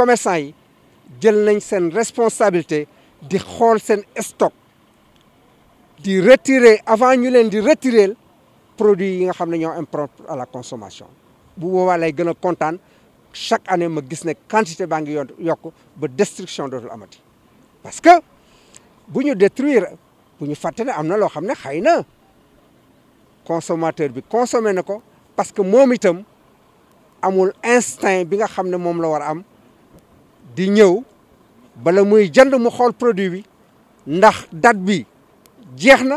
commerçant yi jël nañ seen responsabilité di xool sen stock di retirer avant ñu leen di retirer produit yi nga xam ne ñoo impropre à la consommation bu boobaa lay gëna contane chaque année ma gis ne quantité baa ngi yok ba destruction dootul amati parce que bu ñu détruire bu ñu fàtte ne am na loo xam consommateur bi consommé nako parce que mom itam amul instinct bi nga xam mom la war am di ñëw bala muy jënd mu xool produit bi ndax dat bi jeex na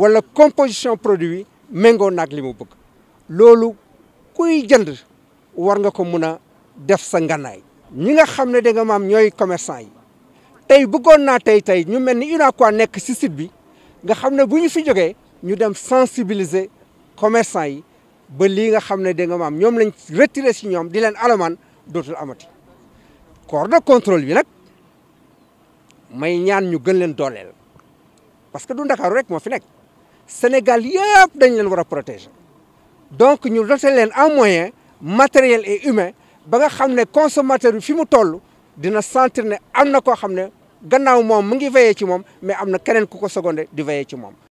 wala composition produit bi méngoo nag li mu bëgg loolu kuy jënd war nga ko mun a def sa nganaay ñi nga xam ne da nga maam ñooy commerçant yi tey bëggoon naa tey tey ñu mel ni UNACOIS nekk si site bi nga xam ne bu ñu fi jógee ñu dem sensibiliser commerçant yi ba yi nga xam ne da nga maam ñoom lañ retiré si ñoom di leen alamaan dootul amati corps de contrôle bi nag may ñaan ñu gën leen dooleel parce que du Ndakaaru rek mo fi nek Sénégal yépp dañ leen wara protéger donc ñu doter leen en moyen matériel et humain ba nga xamné consommateur fi mu tollu dina sentir ne am na koo gannaaw mom mu ngi veillé ci mom mais amna na keneen ku ko secondé di veillé ci mom